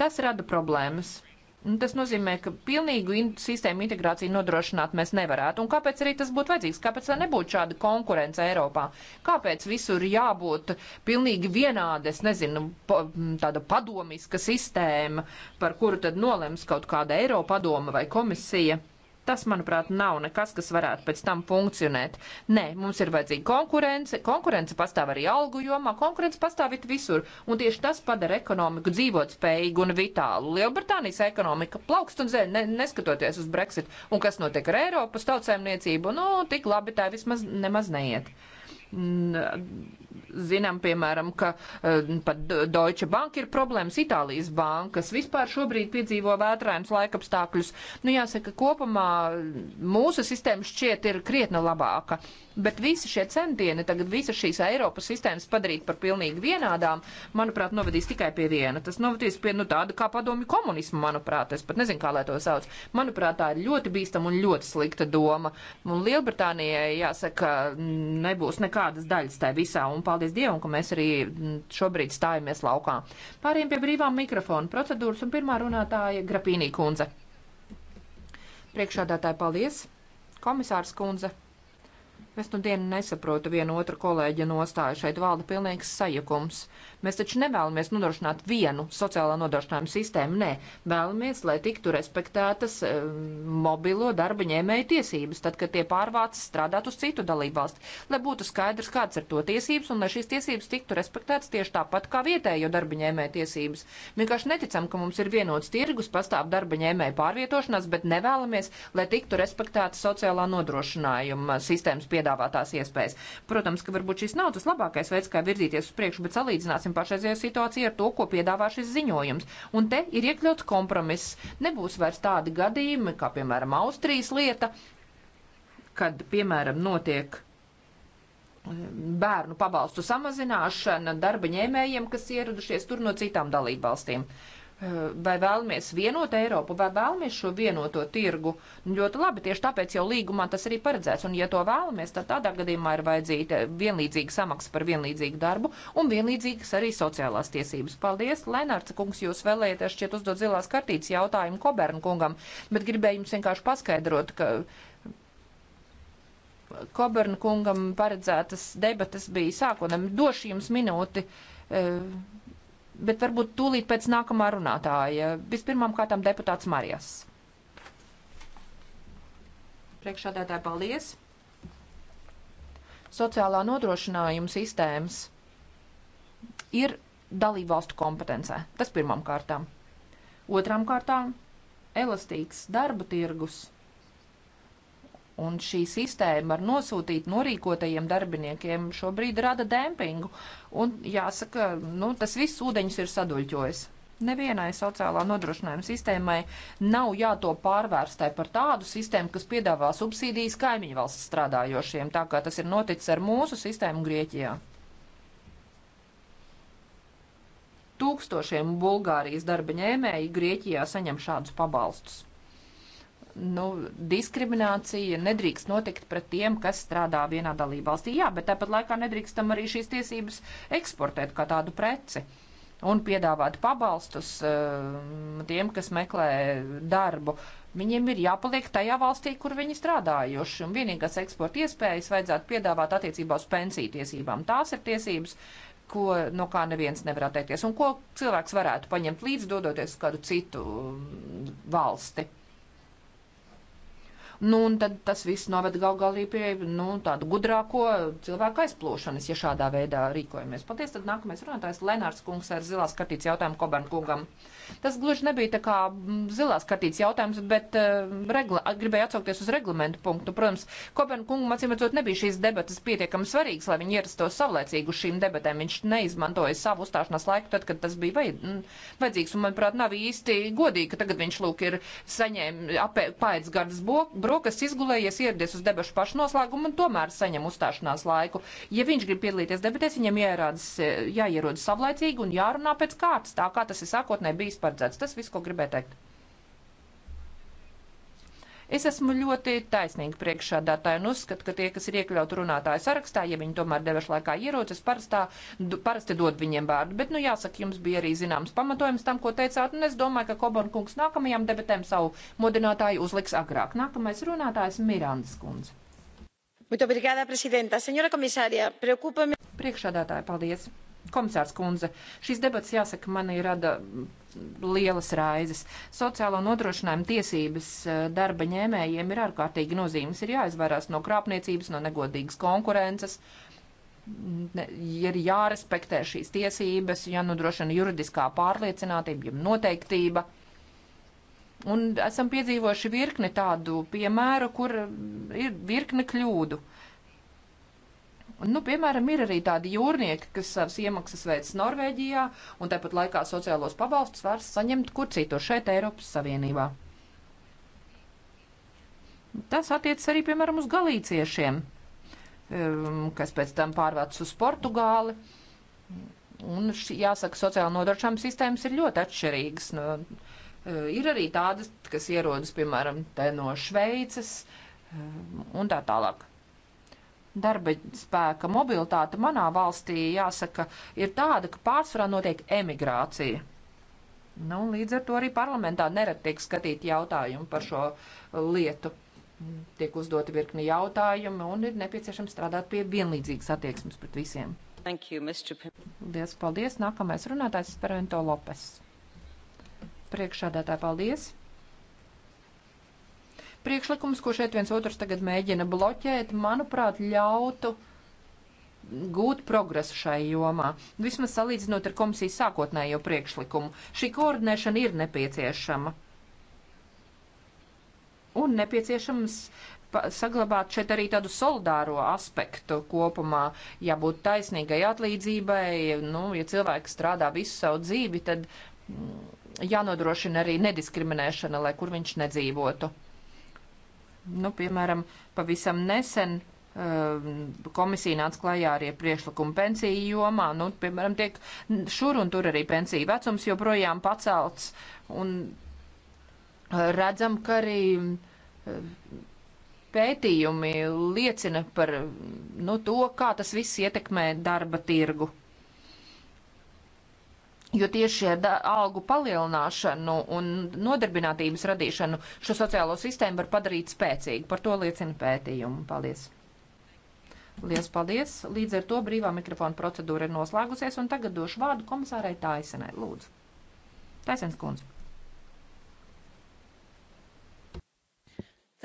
Tas rada problēmas. Tas nozīmē, ka pilnīgu in sistēmu integrāciju nodrošināt mēs nevarētu. Un kāpēc arī tas būtu vajadzīgs? Kāpēc nebūtu šāda konkurence Eiropā? Kāpēc visur jābūt pilnīgi vienāda, es nezinu, pa, tāda padomiska sistēma, par kuru tad nolems kaut kāda Eiropa padoma vai komisija? Tas, manuprāt, nav nekas, kas varētu pēc tam funkcionēt. Nē, mums ir vajadzīga konkurence. Konkurence pastāv arī algu jomā, konkurence pastāv visur. Un tieši tas padara ekonomiku dzīvot spējīgu un vitālu. Lielbritānijas ekonomika plaukst un zēn, ne, neskatoties uz Brexit. Un kas notiek ar Eiropas tautsēmniecību? Nu, tik labi tā vismaz nemaz neiet. Zinām, piemēram, ka eh, pat Deutsche Bank ir problēmas, Itālijas bankas vispār šobrīd piedzīvo vētrājums laikapstākļus. Nu, jāsaka, kopumā mūsu sistēma šķiet ir krietni labāka. Bet visi šie centieni, tagad visas šīs Eiropas sistēmas padarīt par pilnīgi vienādām, manuprāt, novedīs tikai pie viena. Tas novedīs pie nu, tāda kā padomju komunismu, manuprāt. Es pat nezinu, kā lai to sauc. Manuprāt, tā ir ļoti bīstama un ļoti slikta doma. Un Lielbritānijai, jāsaka, nebūs nekādas daļas tajā visā. Un paldies Dievam, ka mēs arī šobrīd stājamies laukā. Pāriem pie brīvā mikrofona procedūras un pirmā runātāja Grapīnī kundze. Priekšādātāji, paldies! Komisārs kundze! Es nu dienu nesaprotu vienu otru kolēģi nostāju. Šeit valda pilnīgs sajukums. Mēs taču nevēlamies nodrošināt vienu sociālā nodrošinājuma sistēmu. Nē, vēlamies, lai tiktu respektētas e, mobilo darba ņēmēju tiesības, tad, kad tie pārvācas strādāt uz citu dalību valsti, lai būtu skaidrs, kāds ir to tiesības un lai šīs tiesības tiktu respektētas tieši tāpat kā vietējo darba ņēmēju tiesības. Vienkārši neticam, ka mums ir vienots tirgus, pastāv darba ņēmēju pārvietošanās, bet nevēlamies, lai tiktu respektēta sociālā nodrošinājuma sistēmas piedāvājums piedāvātās iespējas. Protams, ka varbūt šis nav tas labākais veids, kā virzīties uz priekšu, bet salīdzināsim pašreizējo situāciju ar to, ko piedāvā šis ziņojums. Un te ir iekļauts kompromiss. Nebūs vairs tādi gadījumi, kā piemēram Austrijas lieta, kad piemēram notiek eh, bērnu pabalstu samazināšana darba ņēmējiem, kas ieradušies tur no citām dalībvalstīm. valstīm. Eh, vai vēlamies vienot Eiropu, vai vēlamies šo vienoto tirgu? Ļoti labi, tieši tāpēc jau līgumā tas arī paredzēts. Un, ja to vēlamies, tad tādā gadījumā ir vajadzīga vienlīdzīga samaksa par vienlīdzīgu darbu un vienlīdzīgas arī sociālās tiesības. Paldies, Lenārds kungs, jūs vēlēties šķiet uzdot zilās kartītes jautājumu Kobernu kungam, bet gribēju jums vienkārši paskaidrot, ka Koberna kungam paredzētas debatas bija sākotnēm. Došu jums minūti, eh, bet varbūt tūlīt pēc nākamā runātāja. Vispirmām kārtām deputāts Marijas. Priekšādātāji, paldies! Sociālā nodrošinājuma sistēmas ir dalību valstu kompetencē. Tas pirmām kārtām. Otrām kārtām - elastīgs darba tirgus Un šī sistēma ar nosūtīt norīkotajiem darbiniekiem šobrīd rada dempingu. Un jāsaka, nu, tas viss ūdeņus ir saduļķojis. Nevienai sociālā nodrošinājuma sistēmai nav jāto pārvērstai par tādu sistēmu, kas piedāvā subsīdijas kaimiņu valsts strādājošiem, tā kā tas ir noticis ar mūsu sistēmu Grieķijā. Tūkstošiem Bulgārijas darba ņēmēji Grieķijā saņem šādus pabalstus nu, diskriminācija nedrīkst notikt pret tiem, kas strādā vienā dalībvalstī. Jā, bet tāpat laikā nedrīkstam arī šīs tiesības eksportēt kā tādu preci un piedāvāt pabalstus ehm, tiem, kas meklē darbu. Viņiem ir jāpaliek tajā valstī, kur viņi strādājuši, un vienīgās eksporta iespējas vajadzētu piedāvāt attiecībā uz pensiju tiesībām. Tās ir tiesības, ko, no kā neviens nevar atteikties, un ko cilvēks varētu paņemt līdzi, dodoties uz kādu citu ehm, valsti. Nu, un tad tas viss noved gal galī pie nu, tādu gudrāko cilvēku aizplūšanas, ja šādā veidā rīkojamies. Paldies, tad nākamais runātājs Lenārs Kungs ar zilās kartītes jautājumu Kobernu kungam. Tas gluži nebija tā kā mm, zilās kartītes jautājums, bet uh, regla, gribēju atsaukties uz reglamentu punktu. Protams, Kobernu kungam acīm redzot nebija šīs debatas pietiekami svarīgas, lai viņi ierastos savlaicīgi uz šīm debatēm. Viņš neizmantoja savu uzstāšanās laiku tad, kad tas bija vajad, mm, vajadzīgs. Un, manuprāt, nav īsti godīgi, ka tagad viņš lūk ir saņēmis apēdz gardas boku Brokas izgulējies, ieradies uz debašu pašnoslēgumu un tomēr saņem uzstāšanās laiku. Ja viņš grib piedalīties debatēs, viņam jārādas, jāierodas savlaicīgi un jārunā pēc kārtas, tā kā tas ir sākotnēji bijis paredzēts. Tas viss, ko gribēju teikt. Es esmu ļoti taisnīgi priekšādātāji un uzskatu, ka tie, kas ir iekļauti runātāju sarakstā, ja viņi tomēr devuši laikā ierocis, parastā, du, parasti dod viņiem vārdu. Bet, nu, jāsaka, jums bija arī zināms pamatojums tam, ko teicāt, un es domāju, ka Koborn kungs nākamajām debatēm savu modinātāju uzliks agrāk. Nākamais runātājs Mirāns kundze. Priekšādātāja, paldies! Komisārs kundze, šīs debats, jāsaka, manī rada mm, lielas raizes. Sociālo nodrošinājumu tiesības eh, darba ņēmējiem ir ārkārtīgi nozīmes. Ir jāizvairās no krāpniecības, no negodīgas konkurences. Ne, ir jārespektē šīs tiesības, jānodrošina juridiskā pārliecinātība, jeb noteiktība Un esam piedzīvojuši virkni tādu piemēru, kur ir virkne kļūdu. Un, nu, piemēram, ir arī tādi jūrnieki, kas savas iemaksas veids Norvēģijā un tāpat laikā sociālos pabalstus var saņemt kur citur šeit Eiropas Savienībā. Tas attiec arī, piemēram, uz galīciešiem, um, kas pēc tam pārvāc uz Portugāli. Un, jāsaka, sociāla nodrošinājuma sistēmas ir ļoti atšķirīgas. Nu, no Eh, ir arī tādas, kas ierodas, piemēram, te no Šveices eh, un tā tālāk darba spēka mobilitāte manā valstī, jāsaka, ir tāda, ka pārsvarā notiek emigrācija. Nu, līdz ar to arī parlamentā nerad tiek skatīti jautājumi par šo lietu. Tiek uzdoti virkni jautājumi un ir nepieciešams strādāt pie vienlīdzīgas attieksmes pret visiem. Thank you, Mr. Paldies, paldies. Nākamais runātājs Sperento Lopes. Priekšādātā paldies. Priekšlikums, ko šeit viens otrs tagad mēģina bloķēt, manuprāt, ļautu gūt progresu šai jomā, vismaz salīdzinot ar komisijas sākotnējo priekšlikumu. Šī koordinēšana ir nepieciešama. Un nepieciešams saglabāt šeit arī tādu solidāro aspektu kopumā, jābūt taisnīgai atlīdzībai, nu, ja cilvēki strādā visu savu dzīvi, tad. Mm, jānodrošina arī nediskriminēšana, lai kur viņš nedzīvotu. Nu, piemēram, pavisam nesen eh, komisija nāca klajā arī priekšlikumu pensiju jomā. Nu, piemēram, tiek šur un tur arī pensiju vecums joprojām pacelts. Un eh, redzam, ka arī eh, pētījumi liecina par nu, to, kā tas viss ietekmē darba tirgu. Jo tieši ar algu palielināšanu un nodarbinātības radīšanu šo sociālo sistēmu var padarīt spēcīgu. Par to liecina pētījumi. Paldies! Lielas paldies! Līdz ar to brīvā mikrofona procedūra ir noslēgusies, un tagad došu vārdu komisārai Taisenai. Lūdzu! Taisens kundze!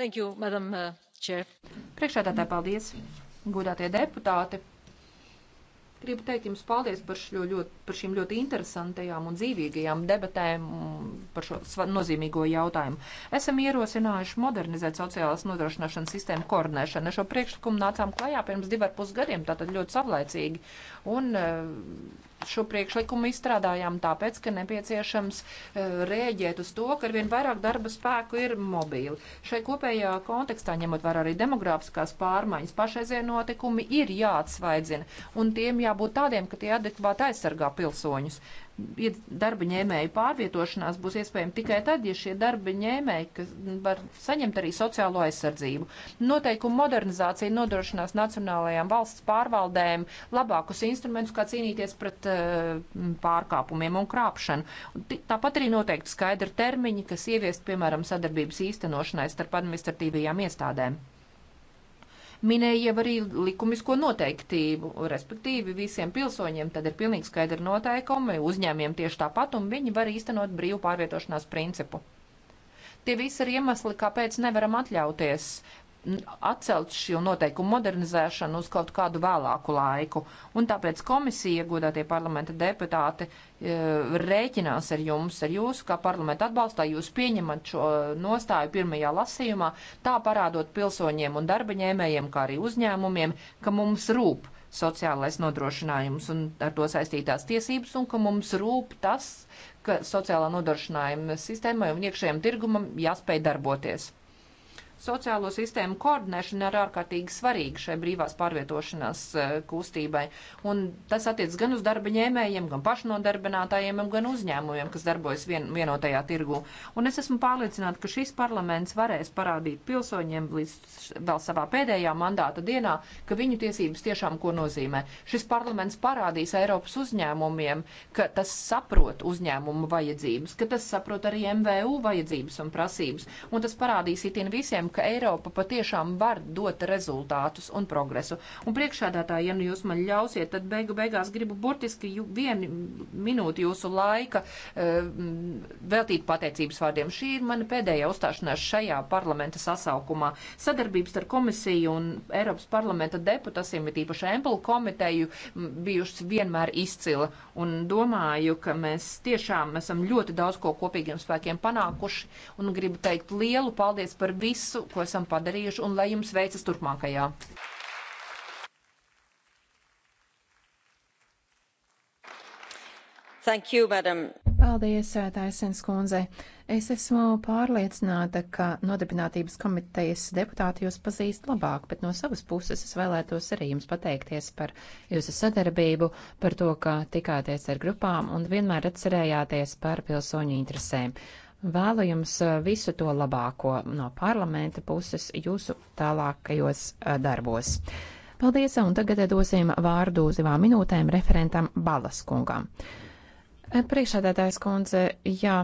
Thank you, Madam uh, Chair. Priekšādātāji, paldies! Godātie deputāti! Gribu teikt jums paldies par, šo, ļoti, par šīm ļoti interesantajām un dzīvīgajām debatēm par šo nozīmīgo jautājumu. Esam ierosinājuši modernizēt sociālās nodrošināšanas sistēmu koordinēšanu. Ar šo priekšlikumu nācām klajā pirms divar pusgadiem, tātad ļoti savlaicīgi. Un, uh, šo priekšlikumu izstrādājām tāpēc, ka nepieciešams e, rēģēt uz to, ka arvien vairāk darba spēku ir mobīli. Šai kopējā kontekstā, ņemot vērā arī demogrāfiskās pārmaiņas, pašreizie notikumi ir jāatsvaidzina, un tiem jābūt tādiem, ka tie adekvāti aizsargā pilsoņus darba ņēmēju pārvietošanās būs iespējama tikai tad, ja šie darba ņēmēji var saņemt arī sociālo aizsardzību. Noteikumu modernizācija nodrošinās nacionālajām valsts pārvaldēm labākus instrumentus, kā cīnīties pret uh, pārkāpumiem un krāpšanu. Tāpat arī noteikti skaidri termiņi, kas ieviest, piemēram, sadarbības īstenošanai starp administratīvajām iestādēm minēja jau arī likumisko noteiktību, respektīvi visiem pilsoņiem tad ir pilnīgi skaidri noteikumi, uzņēmiem tieši tāpat, un viņi var īstenot brīvu pārvietošanās principu. Tie visi ir iemesli, kāpēc nevaram atļauties atcelt šo noteikumu modernizēšanu uz kaut kādu vēlāku laiku. Un tāpēc komisija, godātie parlamenta deputāti, e, rēķinās ar jums, ar jūsu kā parlamenta atbalstā, jūs pieņemat šo nostāju pirmajā lasījumā, tā parādot pilsoņiem un darba ņēmējiem, kā arī uzņēmumiem, ka mums rūp sociālais nodrošinājums un ar to saistītās tiesības, un ka mums rūp tas, ka sociālā nodrošinājuma sistēmai un iekšējiem tirgumam jāspēj darboties. Sociālo sistēmu koordinēšana ir ārkārtīgi svarīga šai brīvās pārvietošanās eh, kustībai. Un tas attiec gan uz darba ņēmējiem, gan pašnodarbinātājiem, gan uzņēmumiem, kas darbojas vien, vienotajā tirgu. Un es esmu pārliecināta, ka šis parlaments varēs parādīt pilsoņiem līdz vēl savā pēdējā mandāta dienā, ka viņu tiesības tiešām ko nozīmē. Šis parlaments parādīs Eiropas uzņēmumiem, ka tas saprot uzņēmumu vajadzības, ka tas saprot arī MVU vajadzības un prasības. Un tas parādīs itin visiem, ka Eiropa patiešām var dot rezultātus un progresu. Un priekšādātāji, ja nu jūs man ļausiet, tad beigu beigās gribu burtiski jū, vienu minūti jūsu laika uh, veltīt pateicības vārdiem. Šī ir mana pēdējā uzstāšanās šajā parlamenta sasaukumā. Sadarbības ar komisiju un Eiropas parlamenta deputasiem, ir īpaši Empelu komiteju, bijušas vienmēr izcila. Un domāju, ka mēs tiešām esam ļoti daudz ko kopīgiem spēkiem panākuši un gribu teikt lielu paldies par visu darbu, ko esam padarījuši, un lai jums veicas turpmākajā. Thank you, madam. Paldies, eh, Taisens kundze. Es esmu pārliecināta, ka nodarbinātības komitejas deputāti jūs pazīst labāk, bet no savas puses es vēlētos arī jums pateikties par jūsu sadarbību, par to, ka tikāties ar grupām un vienmēr atcerējāties par pilsoņu interesēm. Vēlu jums eh, visu to labāko no parlamenta puses jūsu tālākajos eh, darbos. Paldies, un tagad eh, dosim vārdu uz divām minūtēm referentam Balas kungam. Priekšādātājs kundze, jā,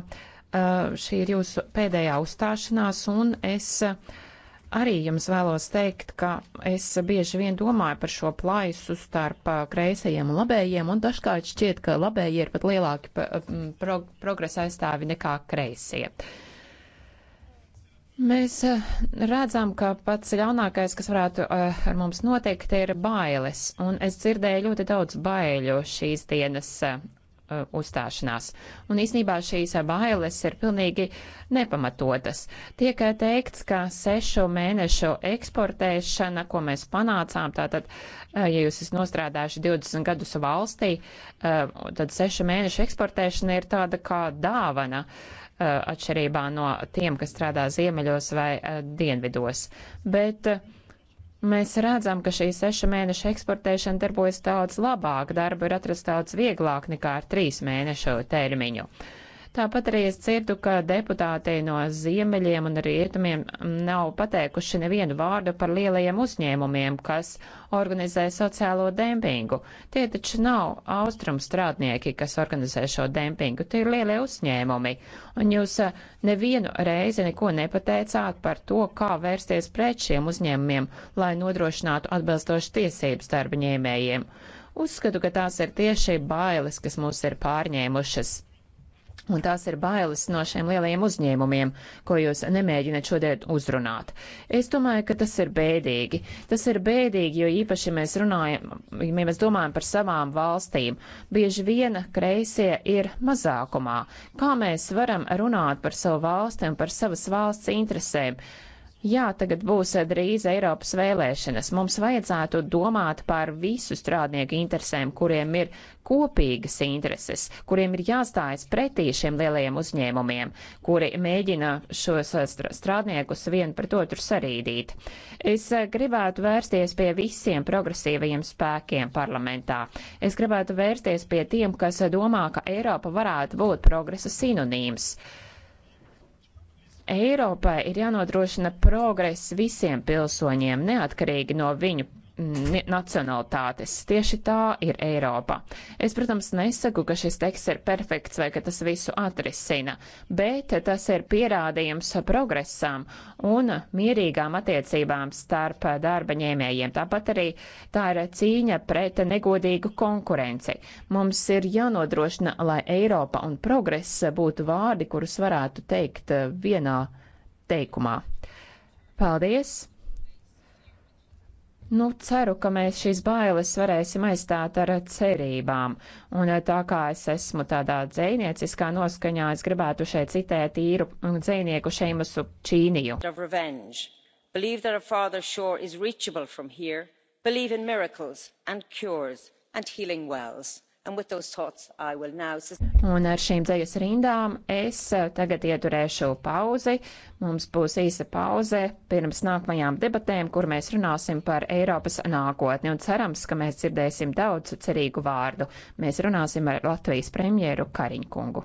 šī ir jūsu pēdējā uzstāšanās, un es uh, arī jums vēlos teikt, ka es bieži vien domāju par šo plaisu starp kreisajiem un labējiem, un dažkārt šķiet, ka labējie ir pat lielāki pro progresa aizstāvi nekā kreisie. Mēs redzam, ka pats ļaunākais, kas varētu ar mums notikt, ir bailes. Un es dzirdēju ļoti daudz baiļu šīs dienas Uh, uzstāšanās. Un īsnībā šīs bailes ir pilnīgi nepamatotas. Tiek teikts, ka sešu mēnešu eksportēšana, ko mēs panācām, tātad, uh, ja jūs esat nostrādājuši 20 gadus valstī, uh, tad sešu mēnešu eksportēšana ir tāda kā dāvana atšķirībā no tiem, kas strādā ziemeļos vai dienvidos. Bet uh, Mēs redzam, ka šī seša mēneša eksportēšana darbojas daudz labāk, darbu ir atrast daudz vieglāk nekā ar trīs mēnešu termiņu. Uh, Tāpat arī es dzirdu, ka deputāti no ziemeļiem un rietumiem nav pateikuši nevienu vārdu par lielajiem uzņēmumiem, kas organizē sociālo dempingu. Tie taču nav austrumu strādnieki, kas organizē šo dempingu, tie ir lielie uzņēmumi. Un jūs eh, nevienu reizi neko nepateicāt par to, kā vērsties pret šiem uzņēmumiem, lai nodrošinātu atbilstošu tiesības darba ņēmējiem. Uzskatu, ka tās ir tieši bailes, kas mūs ir pārņēmušas. Un tās ir bailes no šiem lielajiem uzņēmumiem, ko jūs nemēģināt šodien uzrunāt. Es domāju, ka tas ir bēdīgi. Tas ir bēdīgi, jo īpaši mēs runājam, ja mēs domājam par savām valstīm, bieži viena kreisie ir mazākumā. Kā mēs varam runāt par savu valsti un par savas valsts interesēm? Jā, tagad būs drīz Eiropas vēlēšanas. Mums vajadzētu domāt par visu strādnieku interesēm, kuriem ir kopīgas intereses, kuriem ir jāstājas pretī šiem lielajiem uzņēmumiem, kuri mēģina šos eh, strādniekus vienu pret otru sarīdīt. Es eh, gribētu vērsties pie visiem progresīvajiem spēkiem parlamentā. Es gribētu vērsties pie tiem, kas eh, domā, ka Eiropa varētu būt progresa sinonīms. Eiropai ir jānodrošina progress visiem pilsoņiem, neatkarīgi no viņu nacionalitātes. Tieši tā ir Eiropa. Es, protams, nesaku, ka šis teksts ir perfekts vai ka tas visu atrisina, bet tas ir pierādījums progresām un mierīgām attiecībām starp darba ņēmējiem. Tāpat arī tā ir cīņa pret negodīgu konkurenci. Mums ir jānodrošina, lai Eiropa un progress būtu vārdi, kurus varētu teikt vienā teikumā. Paldies! Nu, ceru, ka mēs šīs bailes varēsim aizstāt ar cerībām. Un eh, tā kā es esmu tādā dzēnieciskā noskaņā, es gribētu šeit citēt īru dzēnieku Šeimasu Čīniju. Believe that a farther shore is reachable from here. Believe in miracles and cures and healing wells Un ar šīm dzejas rindām es eh, tagad ieturēšu pauzi. Mums būs īsa pauze pirms nākamajām debatēm, kur mēs runāsim par Eiropas nākotni. Un cerams, ka mēs dzirdēsim daudz cerīgu vārdu. Mēs runāsim ar Latvijas premjeru Kariņkungu.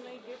may give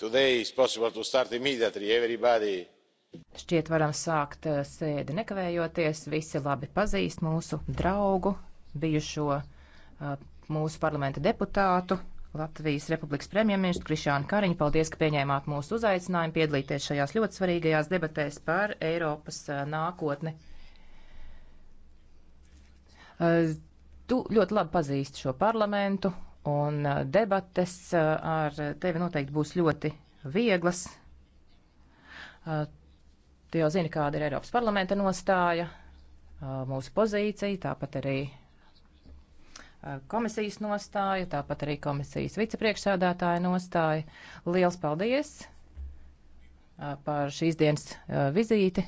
Today is possible to start immediately. Everybody Šķiet, varam sākt eh, sēdi nekavējoties. Visi labi pazīst mūsu draugu, bijušo eh, mūsu parlamenta deputātu, Latvijas Republikas premjerministru Krišānu Kariņu. Paldies, ka pieņēmāt mūsu uzaicinājumu piedalīties šajās ļoti svarīgajās debatēs par Eiropas eh, nākotni. Tu ļoti labi pazīsti šo parlamentu un debates ar tevi noteikti būs ļoti vieglas. Tu jau zini, kāda ir Eiropas parlamenta nostāja, mūsu pozīcija, tāpat arī komisijas nostāja, tāpat arī komisijas vicepriekšsādātāja nostāja. Liels paldies par šīs dienas vizīti,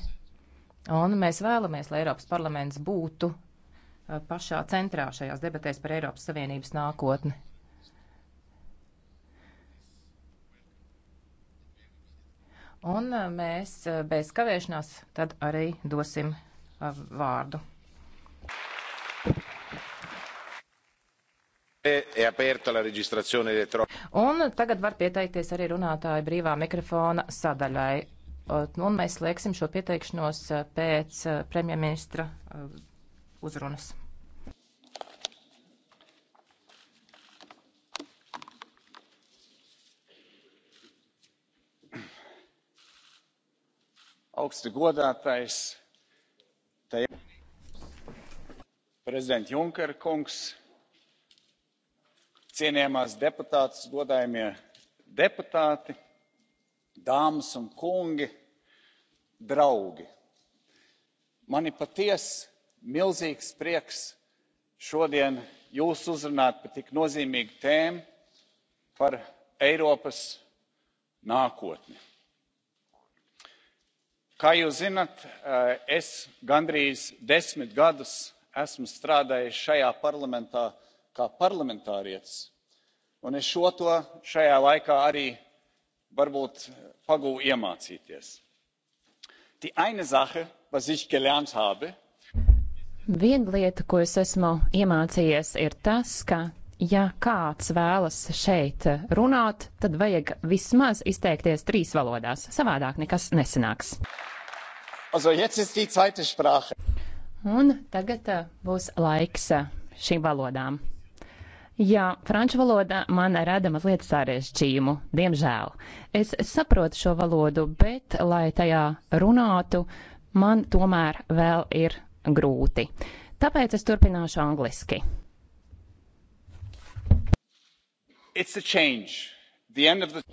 un mēs vēlamies, lai Eiropas parlaments būtu Uh, pašā centrā šajās debatēs par Eiropas Savienības nākotni. Un uh, mēs uh, bez kavēšanās tad arī dosim vārdu. Un tagad var pieteikties arī runātāju brīvā mikrofona sadaļai. Un mēs slēgsim šo pieteikšanos pēc premjerministra uzrunas. augsti godātais prezident juncker kungs cienījamās deputātes godājamie deputāti dāmas un kungi draugi! mani patiesi milzīgs prieks šodien jūs uzrunāt par tik nozīmīgu tēmu par eiropas nākotni. kā jūs zināt eh, es gandrīz desmit gadus esmu strādājis šajā parlamentā kā parlamentārietis un es šo to šajā laikā arī varbūt pagūvu iemācīties. die eine sache was ich gelernt habe Viena lieta, ko es esmu iemācījies, ir tas, ka ja kāds vēlas šeit runāt, tad vajag vismaz izteikties trīs valodās. Savādāk nekas nesanāks. Also, Un tagad uh, būs laiks uh, šīm valodām. Jā, franču valoda man rada mazliet sarežģījumu, diemžēl. Es saprotu šo valodu, bet, lai tajā runātu, man tomēr vēl ir grūti. Tāpēc es turpināšu angliski. It's a change. The end of the...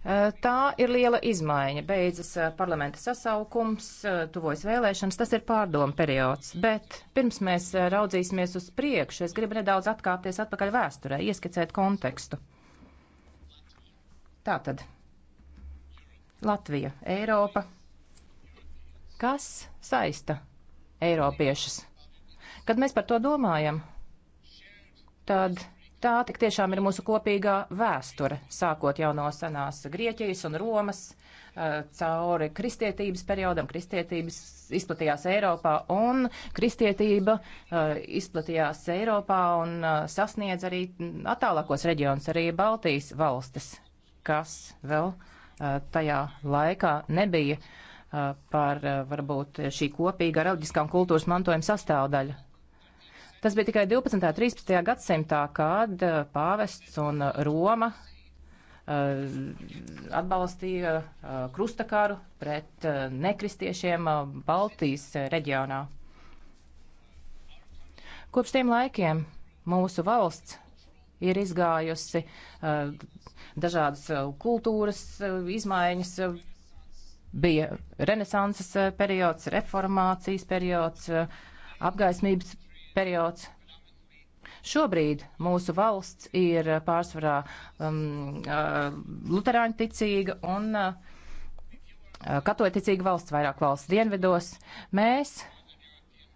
Tā ir liela izmaiņa. Beidzas parlamenta sasaukums, tuvojas vēlēšanas, tas ir pārdomu periods. Bet pirms mēs raudzīsimies uz priekšu, es gribu nedaudz atkāpties atpakaļ vēsturē, ieskicēt kontekstu. Tātad Latvija, Eiropa. Kas saista eiropiešus. Kad mēs par to domājam, tad tā tik tiešām ir mūsu kopīgā vēsture, sākot jau no senās Grieķijas un Romas, eh, cauri kristietības periodam, kristietības izplatījās Eiropā un kristietība eh, izplatījās Eiropā un eh, sasniedz arī attālākos reģionus, arī Baltijas valstis, kas vēl tajā laikā nebija uh, par varbūt šī kopīga reliģiskā un kultūras mantojuma sastāvdaļa. Tas bija tikai 12. un 13. gadsimtā, kad pāvests un Roma atbalstīja krustakaru pret nekristiešiem Baltijas reģionā. Kopš tiem laikiem mūsu valsts ir izgājusi dažādas kultūras izmaiņas, bija renesanses eh, periods, reformācijas periods, eh, apgaismības periods. Šobrīd mūsu valsts ir eh, pārsvarā um, uh, luterāņu ticīga un uh, katoļticīga valsts, vairāk valsts dienvidos. Mēs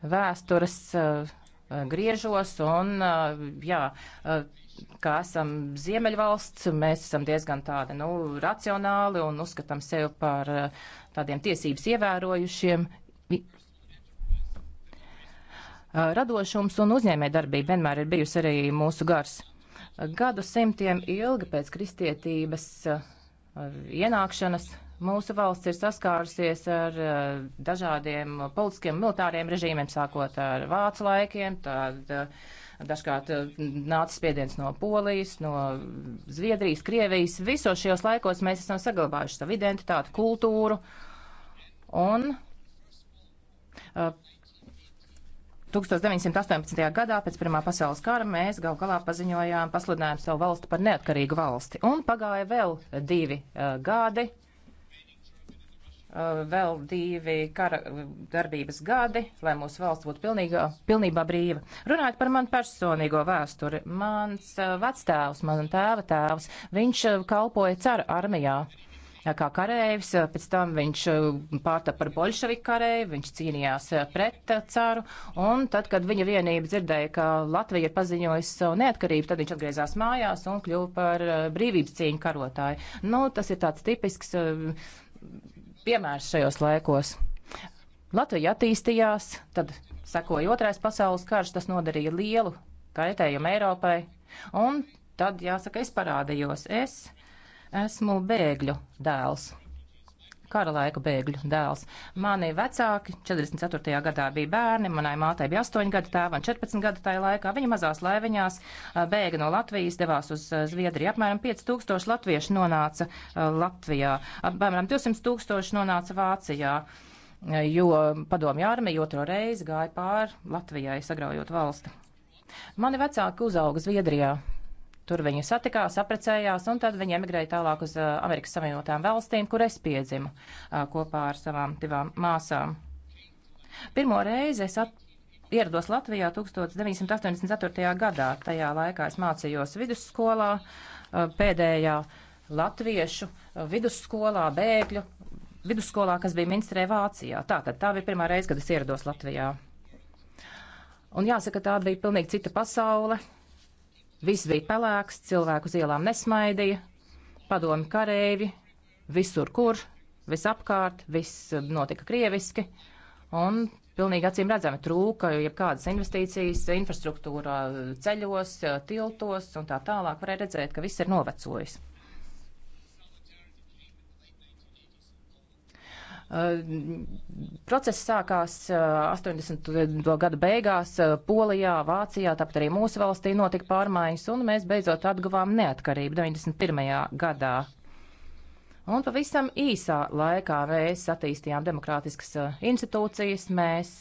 vēstures uh, griežos un, uh, jā, uh, kā esam Ziemeļvalsts, mēs esam diezgan tādi, nu, racionāli un uzskatām sevi par eh, tādiem tiesības ievērojušiem. Eh, radošums un uzņēmē darbība vienmēr ir bijusi arī mūsu gars. Gadu simtiem ilgi pēc kristietības eh, ienākšanas mūsu valsts ir saskārusies ar dažādiem politiskiem militāriem režīmiem, sākot ar vācu laikiem, tad uh, Dažkārt eh, nāca spiediens no Polijas, no Zviedrijas, Krievijas. Visos šajos laikos mēs esam saglabājuši savu identitāti, kultūru. Un 1918. Eh, gadā pēc Pirmā pasaules kara mēs gal galā paziņojām, pasludinājām savu valsti par neatkarīgu valsti. Un pagāja vēl divi uh, gadi, Eh, vēl divi kara darbības gadi, lai mūsu valsts būtu pilnīgā, pilnībā brīva. Runājot par manu personīgo vēsturi, mans eh, vectēvs, man tēva tēvs, viņš eh, kalpoja cara armijā. Kā karējs, pēc tam viņš pārtapa par bolševiku karēju, viņš cīnījās pret caru, un tad, kad viņa vienība dzirdēja, ka Latvija ir paziņojusi savu neatkarību, tad viņš atgriezās mājās un kļuva par brīvības cīņu karotāju. Nu, tas ir tāds tipisks piemērs šajos laikos. Latvija attīstījās, tad sekoja otrais pasaules karš, tas nodarīja lielu kaitējumu Eiropai, un tad, jāsaka, es parādījos, es esmu bēgļu dēls kara laika bēgļu dēls. Mani vecāki 44. gadā bija bērni, manai mātei bija 8 gadi, tēvam 14 gadi tajā laikā. Viņa mazās laiviņās bēga no Latvijas, devās uz Zviedriju. Apmēram 5000 latviešu nonāca Latvijā, apmēram 200 tūkstoši nonāca Vācijā. Jo padomju armija otro reizi gāja pāri Latvijai, sagraujot valsti. Mani vecāki uzauga Zviedrijā, Tur viņi satikās, aprecējās, un tad viņi emigrēja tālāk uz Amerikas Savienotām valstīm, kur es piedzimu kopā ar savām divām māsām. Pirmo reizi es at ierados Latvijā 1984. gadā. Tajā laikā es mācījos vidusskolā, pēdējā latviešu vidusskolā, bēgļu vidusskolā, kas bija Minstrē Vācijā. Tātad tā bija pirmā reize, kad es ierados Latvijā. Un jāsaka, tā bija pilnīgi cita pasaule. Viss bija pelēks, cilvēku uz ielām nesmaidīja, padomi karēvi, visur kur, visapkārt, viss eh, notika krieviski, un pilnīgi acīm redzami trūka jebkādas investīcijas infrastruktūrā, eh, ceļos, eh, tiltos un tā tālāk. Varēja redzēt, ka viss ir novecojis. Process sākās 80. gada beigās Polijā, Vācijā, tāpat arī mūsu valstī notika pārmaiņas, un mēs beidzot atguvām neatkarību 91. gadā. Un pavisam īsā laikā mēs attīstījām demokrātiskas institūcijas, mēs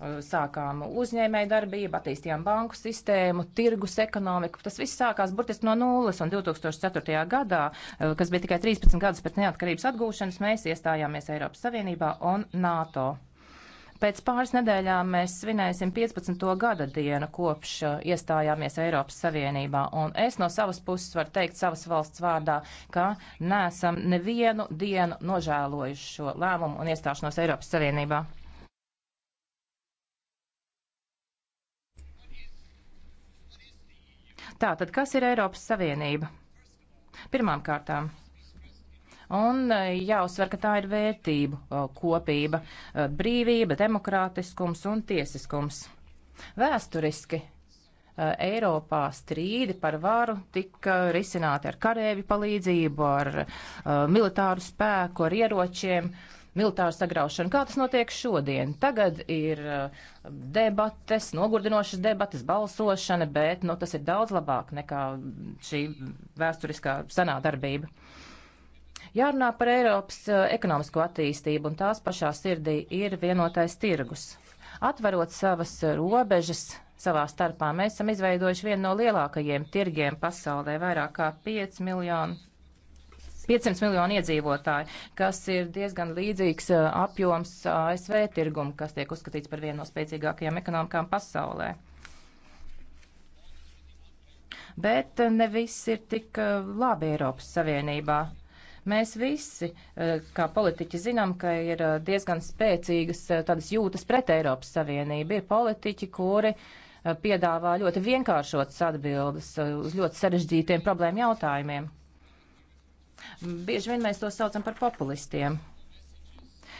Eh, sākām uzņēmēju darbību, attīstījām banku sistēmu, tirgus ekonomiku. Tas viss sākās burtiski no nulles, un 2004. gadā, eh, kas bija tikai 13 gadus pēc neatkarības atgūšanas, mēs iestājāmies Eiropas Savienībā un NATO. Pēc pāris nedēļām mēs svinēsim 15. gada dienu, kopš eh, iestājāmies Eiropas Savienībā, un es no savas puses varu teikt savas valsts vārdā, ka neesam nevienu dienu nožēlojuši šo lēmumu un iestāšanos Eiropas Savienībā. Tātad, kas ir Eiropas Savienība? Pirmām kārtām. Un eh, jāuzsver, ka tā ir vērtību eh, kopība eh, - brīvība, demokrātiskums un tiesiskums. Vēsturiski Eiropā strīdi par varu tika risināti ar karēvi palīdzību, ar militāru spēku, ar ieročiem. Uh, militāru sagraušanu. Kā tas notiek šodien? Tagad ir uh, debates, nogurdinošas debates, balsošana, bet nu, tas ir daudz labāk nekā šī vēsturiskā senā darbība. Jārunā par Eiropas uh, ekonomisko attīstību, un tās pašā sirdī ir vienotais tirgus. Atverot savas robežas savā starpā, mēs esam izveidojuši vienu no lielākajiem tirgiem pasaulē - vairāk kā 5 miljonu 500 miljonu iedzīvotāju, kas ir diezgan līdzīgs apjoms ASV tirgumu, kas tiek uzskatīts par vienu no spēcīgākajām ekonomikām pasaulē. Bet ne viss ir tik labi Eiropas Savienībā. Mēs visi, kā politiķi, zinām, ka ir diezgan spēcīgas tādas jūtas pret Eiropas Savienību. Ir politiķi, kuri piedāvā ļoti vienkāršotas atbildes uz ļoti sarežģītiem problēmu jautājumiem. Bieži vien mēs to saucam par populistiem. Uh,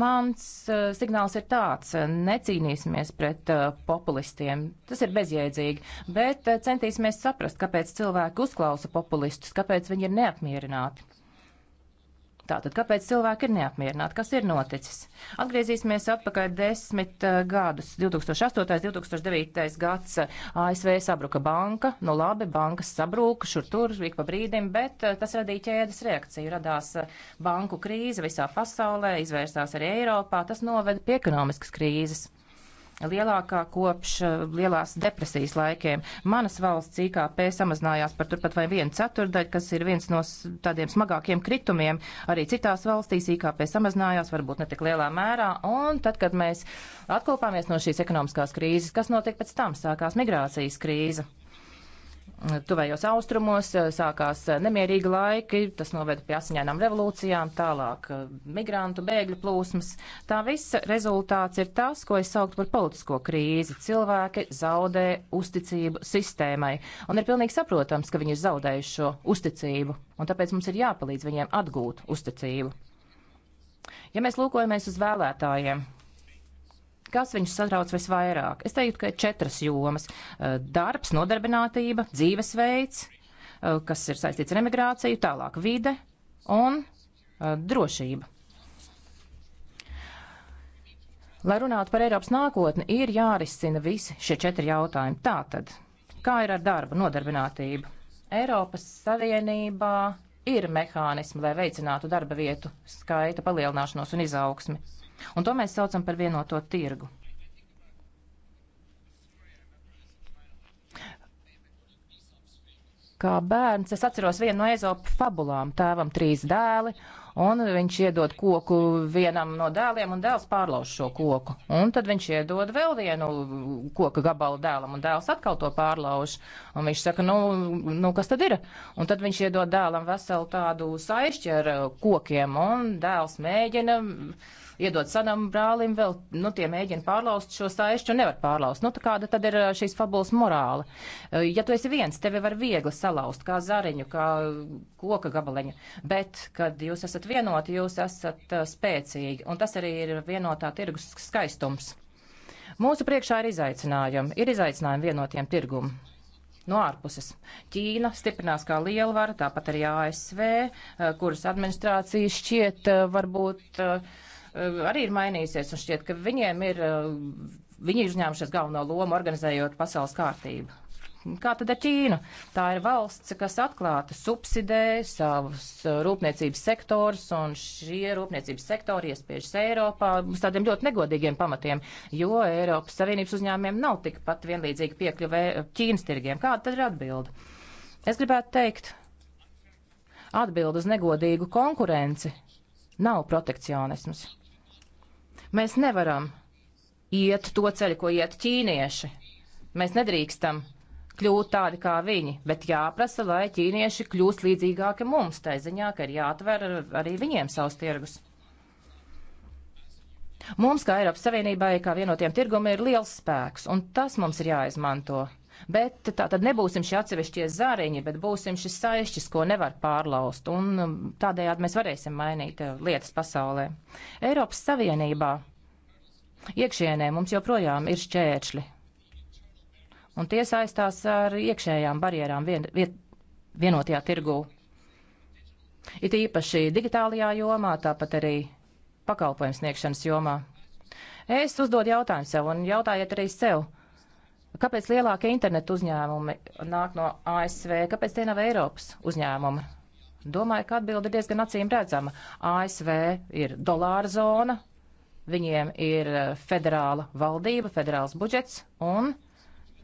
mans uh, signāls ir tāds uh, - necīnīsimies pret populistiem. Tas ir bezjēdzīgi, bet centīsimies saprast, kāpēc cilvēki uzklausa populistus, kāpēc viņi ir neapmierināti. Tātad, kāpēc cilvēki ir neapmierināti? Kas ir noticis? Atgriezīsimies atpakaļ desmit uh, gadus. 2008. 2009. gads eh, ASV sabruka banka. Nu labi, bankas sabruka šur tur, ik pa brīdim, bet uh, tas radīja ķēdes reakciju. Radās uh, banku krīze visā pasaulē, izvērsās arī Eiropā. Tas noveda pie ekonomiskas krīzes lielākā kopš eh, lielās depresijas laikiem. Manas valsts IKP samazinājās par turpat vai vienu ceturdaļu, kas ir viens no tādiem smagākiem kritumiem. Arī citās valstīs IKP samazinājās, varbūt ne tik lielā mērā. Un tad, kad mēs atkopāmies no šīs ekonomiskās krīzes, kas notiek pēc tam? Sākās migrācijas krīze. Tuvējos austrumos eh, sākās eh, nemierīgi laiki, tas noveda pie asiņainām revolūcijām, tālāk eh, migrantu bēgļu plūsmas. Tā visa rezultāts ir tas, ko es sauktu par politisko krīzi. Cilvēki zaudē uzticību sistēmai, un ir pilnīgi saprotams, ka viņi ir zaudējuši šo uzticību, un tāpēc mums ir jāpalīdz viņiem atgūt uzticību. Ja mēs lūkojamies uz vēlētājiem, kas viņus satrauc visvairāk? Es teiktu, ka ir četras jomas eh, - darbs, nodarbinātība, dzīvesveids, eh, kas ir saistīts ar emigrāciju, tālāk vide un eh, drošība. Lai runātu par Eiropas nākotni, ir jārisina visi šie četri jautājumi. Tātad, kā ir ar darbu, nodarbinātību? Eiropas Savienībā ir mehānismi, lai veicinātu darba vietu skaita palielināšanos un izaugsmi. Un to mēs saucam par vienoto tirgu. kā bērns. Es atceros vienu no ezopu fabulām. Tēvam trīs dēli, un viņš iedod koku vienam no dēliem, un dēls pārlauž šo koku. Un tad viņš iedod vēl vienu koka gabalu dēlam, un dēls atkal to pārlauž. Un viņš saka, nu, nu kas tad ir? Un tad viņš iedod dēlam veselu tādu saišķi ar kokiem, un dēls mēģina. Uh, iedod sanam brālim, vēl, nu, tie mēģina pārlaust šo saišķu un nevar pārlaust. Nu, tā kāda tad ir uh, šīs fabulas morāla? Uh, ja tu esi viens, tevi var viegli salauzt, kā zariņu, kā koka gabaliņu, bet, kad jūs esat vienoti, jūs esat uh, spēcīgi, un tas arī ir vienotā tirgus skaistums. Mūsu priekšā ir izaicinājumi, ir izaicinājumi vienotiem tirgumam no ārpuses. Ķīna stiprinās kā lielvara, tāpat arī ASV, kuras administrācija šķiet varbūt. Uh, Eh, arī ir mainījusies, un šķiet, ka viņiem ir, eh, viņi ir uzņēmušies galveno lomu organizējot pasaules kārtību. Kā tad ar Ķīnu? Tā ir valsts, kas atklāti subsidē savus eh, rūpniecības sektors, un šie rūpniecības sektori iespiežas Eiropā uz tādiem ļoti negodīgiem pamatiem, jo Eiropas Savienības uzņēmiem nav tikpat vienlīdzīgi piekļuvē Ķīnas tirgiem. Kāda tad ir atbilda? Es gribētu teikt, atbilda uz negodīgu konkurenci nav protekcionisms. Mēs nevaram iet to ceļu, ko iet ķīnieši. Mēs nedrīkstam kļūt tādi kā viņi, bet jāprasa, lai ķīnieši kļūst līdzīgāki mums, tai ziņā, ka ir jāatver arī viņiem savus tirgus. Mums, kā Eiropas Savienībai, kā vienotiem tirgumiem, ir liels spēks, un tas mums ir jāizmanto. Bet tā tad nebūsim šie atsevišķie zāriņi, bet būsim šis saišķis, ko nevar pārlaust. Un um, tādējādi mēs varēsim mainīt uh, lietas pasaulē. Eiropas Savienībā iekšienē mums joprojām ir šķēršļi. Un tie saistās ar iekšējām barjerām vien, vien, vienotajā tirgū. It īpaši digitālajā jomā, tāpat arī pakalpojums sniegšanas jomā. Es uzdodu jautājumu sev un jautājiet arī sev, Kāpēc lielākie internetu uzņēmumi nāk no ASV? Kāpēc tie nav Eiropas uzņēmumi? Domāju, ka atbilde ir diezgan acīm redzama. ASV ir dolāra zona, viņiem ir eh, federāla valdība, federāls budžets un uh,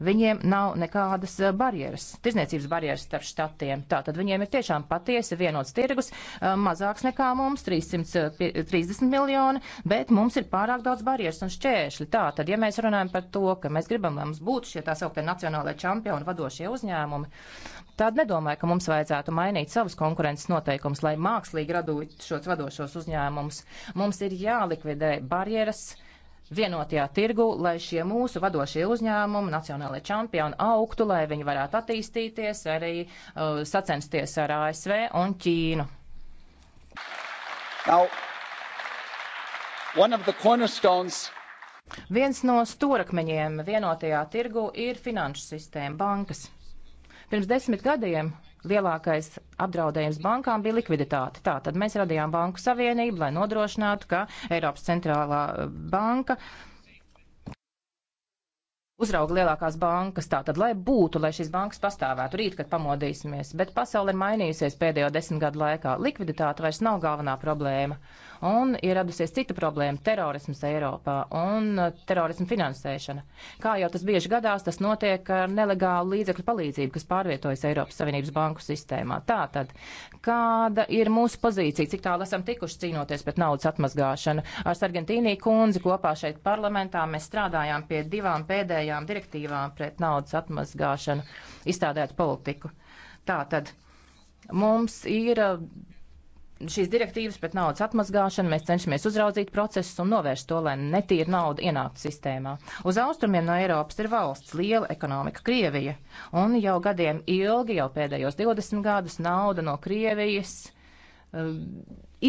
Viņiem nav nekādas eh, barjeras, tirzniecības barjeras starp štatiem. Tātad viņiem ir tiešām patiesi vienots tirgus, eh, mazāks nekā mums, 330 eh, miljoni, bet mums ir pārāk daudz barjeras un šķēršļi. Tātad, ja mēs runājam par to, ka mēs gribam, lai mums būtu šie tā sauktie nacionālajie čempioni, vadošie uzņēmumi, tad nedomāju, ka mums vajadzētu mainīt savus konkurences noteikumus, lai mākslīgi radītu šos vadošos uzņēmumus. Mums ir jālikvidē barjeras. Uh, vienotajā tirgu, lai šie mūsu vadošie uzņēmumi, nacionālai čempioni augtu, lai viņi varētu attīstīties, arī uh, sacensties ar ASV un Ķīnu. Now, one of the cornerstones Viens no stūrakmeņiem vienotajā tirgu ir finanšu sistēma bankas. Pirms desmit gadiem lielākais apdraudējums bankām bija likviditāte. Tā tad mēs radījām Banku Savienību, lai nodrošinātu, ka Eiropas centrālā eh, banka uzrauga lielākās bankas, tātad, lai būtu, lai šīs bankas pastāvētu rīt, kad pamodīsimies, bet pasaule ir mainījusies pēdējo desmit gadu laikā. Likviditāte vairs nav galvenā problēma. Un ir radusies cita problēma - terorisms Eiropā un uh, terorismu finansēšana. Kā jau tas bieži gadās, tas notiek ar nelegālu līdzekļu palīdzību, kas pārvietojas Eiropas Savienības banku sistēmā. Tātad, kāda ir mūsu pozīcija, cik tālu esam tikuši cīnoties pret naudas atmazgāšanu? Ar Sargentīnī kundzi kopā šeit parlamentā mēs strādājām pie divām pēdējām direktīvām pret naudas atmazgāšanu izstādētu politiku. Tātad. Mums ir uh, šīs direktīvas pret naudas atmazgāšanu mēs cenšamies uzraudzīt procesus un novērst to, lai netīra nauda ienāktu sistēmā. Uz austrumiem no Eiropas ir valsts liela ekonomika - Krievija, un jau gadiem ilgi, jau pēdējos 20 gadus, nauda no Krievijas. Uh,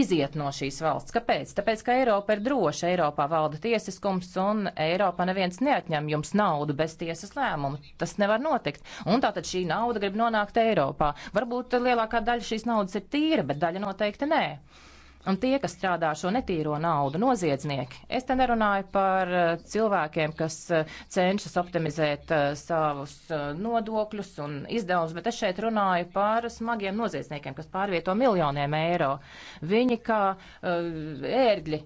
iziet no šīs valsts. Kāpēc? Tāpēc, ka Eiropa ir droša, Eiropā valda tiesiskums un Eiropā neviens neatņem jums naudu bez tiesas lēmumu. Tas nevar notikt. Un tātad šī nauda grib nonākt Eiropā. Varbūt lielākā daļa šīs naudas ir tīra, bet daļa noteikti nē. Un tie, kas strādā šo netīro naudu, noziedznieki, es te nerunāju par eh, cilvēkiem, kas eh, cenšas optimizēt eh, savus nodokļus un izdevumus, bet es šeit runāju par smagiem noziedzniekiem, kas pārvieto miljoniem eiro. Viņi kā ērgļi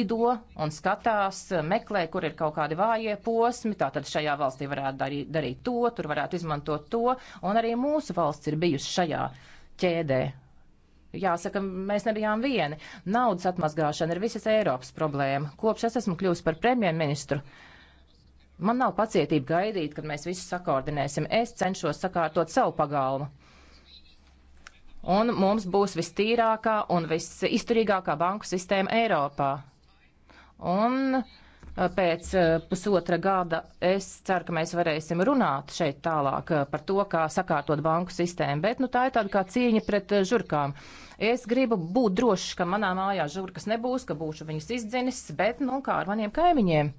lido un skatās, meklē, kur ir kaut kādi vājie posmi, tātad šajā valstī varētu darīt, darīt to, tur varētu izmantot to, un arī mūsu valsts ir bijusi šajā ķēdē. Jāsaka, mēs nebijām vieni. Naudas atmazgāšana ir visas Eiropas problēma. Kopš es esmu kļuvusi par premjerministru, man nav pacietība gaidīt, kad mēs visu sakoordinēsim. Es cenšos sakārtot savu pagalmu. Un mums būs vistīrākā un visizturīgākā banku sistēma Eiropā. Un uh, Eh, pēc eh, pusotra gada es ceru, ka mēs varēsim runāt šeit tālāk eh, par to, kā sakārtot banku sistēmu, bet nu, tā ir tāda kā cīņa pret žurkām. Es gribu būt drošs, ka manā mājā žurkas nebūs, ka būšu viņas izdzinis, bet nu, kā ar maniem kaimiņiem.